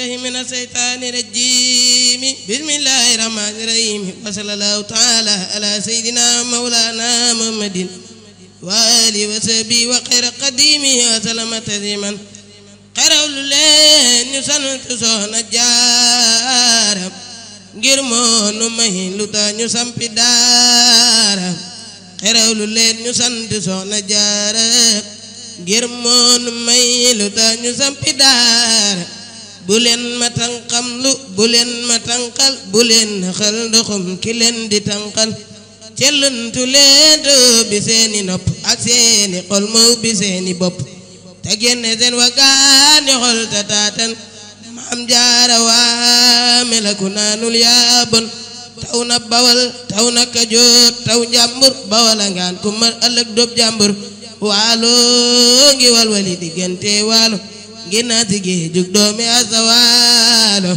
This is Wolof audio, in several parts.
بالله من الشيطان الرجيم بسم الله الرحمن الرحيم وصلى الله تعالى على سيدنا مولانا محمد وآله وصحبه وخير قديمه وسلم تسليما xaraw lu leen ñu sant soxna jaara ngir moonu may lu tax ñu sampi daara xaraw lu leen ñu sant soxna jaara ngir moonu may lu tax ñu sampi daara bu ma tànqam lu bu leen ma tànqal bu leen xal ndoxum ki leen di tànqal cellantu leedoo bi seeni nopp ak seeni xol maw bi seeni bopp te génne seen wagaani xol ta taatan maam jaara waa melaku naanul yaa taw na bawal taw na kajoor taw njàmbur bawala ngaan ku mar ëllëg dóob jàmbur waaloo ngi walwali diggante waalo ginnaati gi jug doomi asa waalo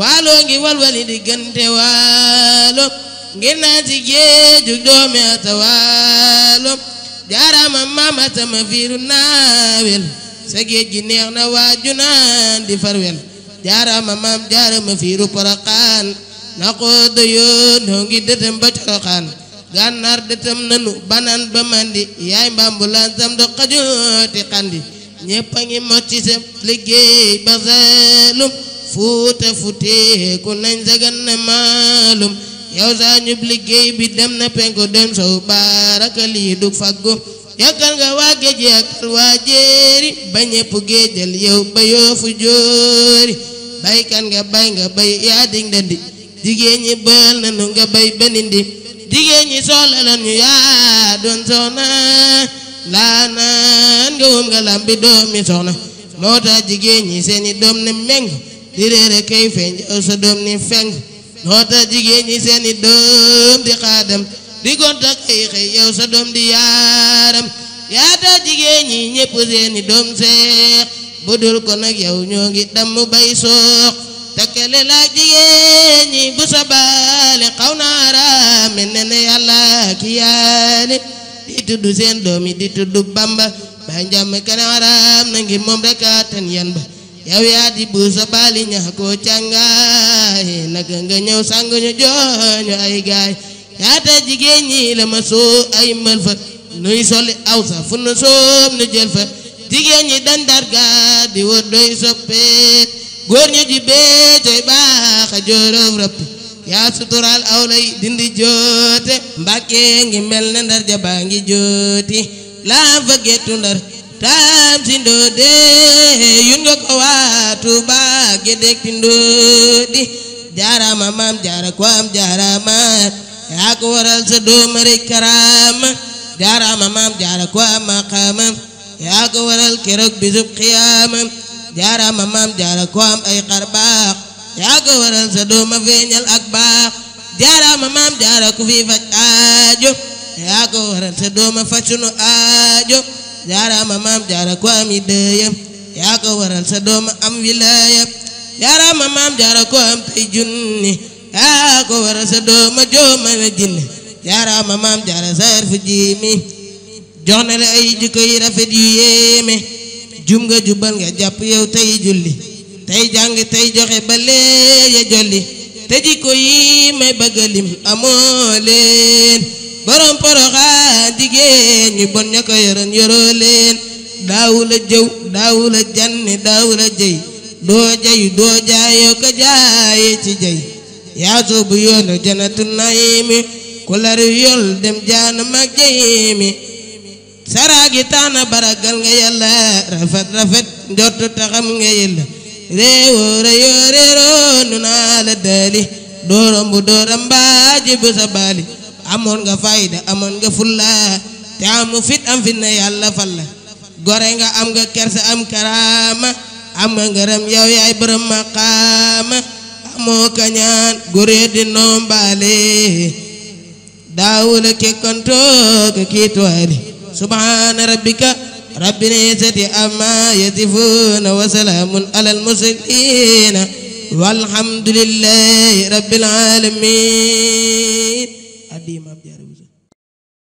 waalo ngi walwali diggante waalo ginnaati gi jug doomi asa waalo jaaraama maamata ma fiiru naawel sa géej gi neex na waaju naan di farwel jaaraama maam jaaraama fiiru poroxaan na xoodo yoon noo ngi dëtëm ba coroxaan gànnaar dëtëm nanu banaan ba mandi yaay mbaambulaan sam do xajooti xandi ñépp a ngi mocc seen liggéey ba Saalum fuuta futeeku nañ sa ganna maalum yow saa ñub liggéey bi dem na penku dem sow baaraka lii dug faggu yokkal nga waa géej yokkal waa jéeri ba ñépp géejal yow ba yoofu jóori baykan nga bay nga bay yaa dig ndandi jigéen ñi nanu nga bay benindi jigéen ñi yaa doon soxna laa naan nga wum nga lam doom yi soxna moo tax jigéen ñi seeni doom ne meng di réere kay feeñ sa doom ni feng moo tax jigéen ñi seeni doom di xaadam di gontak ay xëy yow sa doom di yaaram yaa tax jigéen yi ñépp seeni doom seex bu dul ko nag yow ñoo ngi damm bay soox takkale laa jigéen ñi bu sa xaw naa raame ne ne yàlla ki yaani di tudd seen doom yi di tudd bamba ba njàmm kanam araam na ngir moom rek atan yan ba yow yaa di buur sa baali ñax koo càngaay naka nga ñëw sàng ñu jooñu ay gaay yaata jigéen ñi la ma soo ay mël fa nuy soli aw sa fu nu soob nu jël fa jigéen ñi dandargaa di wër doy soppeet góor ñu ji bee baax a joorof rapp yaa suturaal awlay dindi joote mbàkke ngi mel ne ndar jabaa ngi jooti laa fa gettu ndar taam si ndoode yun nga ko waa Tuuba ge deg ti ndoodi jaaraama maam jaara ko am jaaraama yaa ko waral sa doomari karaama jaaraama maam jaara ko am maqaama yaa ko waral keroog bisub xiyaama jaaraama maam jaara ko am ay xarbaax yaa ko waral sa dooma feeñal ak jaaraama maam jaara ku fi faj aajo waral sa dooma fasunu aajo jaaraama maam jaara ku am ideeyam yaa waral sa dooma am wilaayam jaaraama maam jaara ku am tey junni yaa waral sa dooma jooma we jinni jaaraama maam jaara sa arfu jiimi jox na la rafet yu yéeme jum nga jubal nga jàpp yow tey julli tey jàng tey joxe ba lee jolli te jikko yi may bëgg a lim leen borom poroxaan jigéen ñu bon ña ko yoroon yoroo leen daawu la jëw daawu la janni daawu la jëy doo jëy doo jaayoo ko jaaye ci jëy yaasoo bu yoonu janatu nayimi ku lari yol dem jaanu mag jëyimi saraagi taana baragal nga yàlla rafet rafet njortu taxam nga yàlla réewóora yóore roonu naa la daali dóoram bu dóoram mbaaji sa baali amoon nga fayda amoon nga fulla te amu fit am fit na nga am nga kersa am karaama am nga ngërëm yow yaay bërëm maqaama amoo kañaan guree di nombaale daawula kekkoon toog kiitwaali subhaana rabbika rabbil izzati amma yasifuna wa salaamun alal mursaliina walhamdulillahi rabbil aalamiin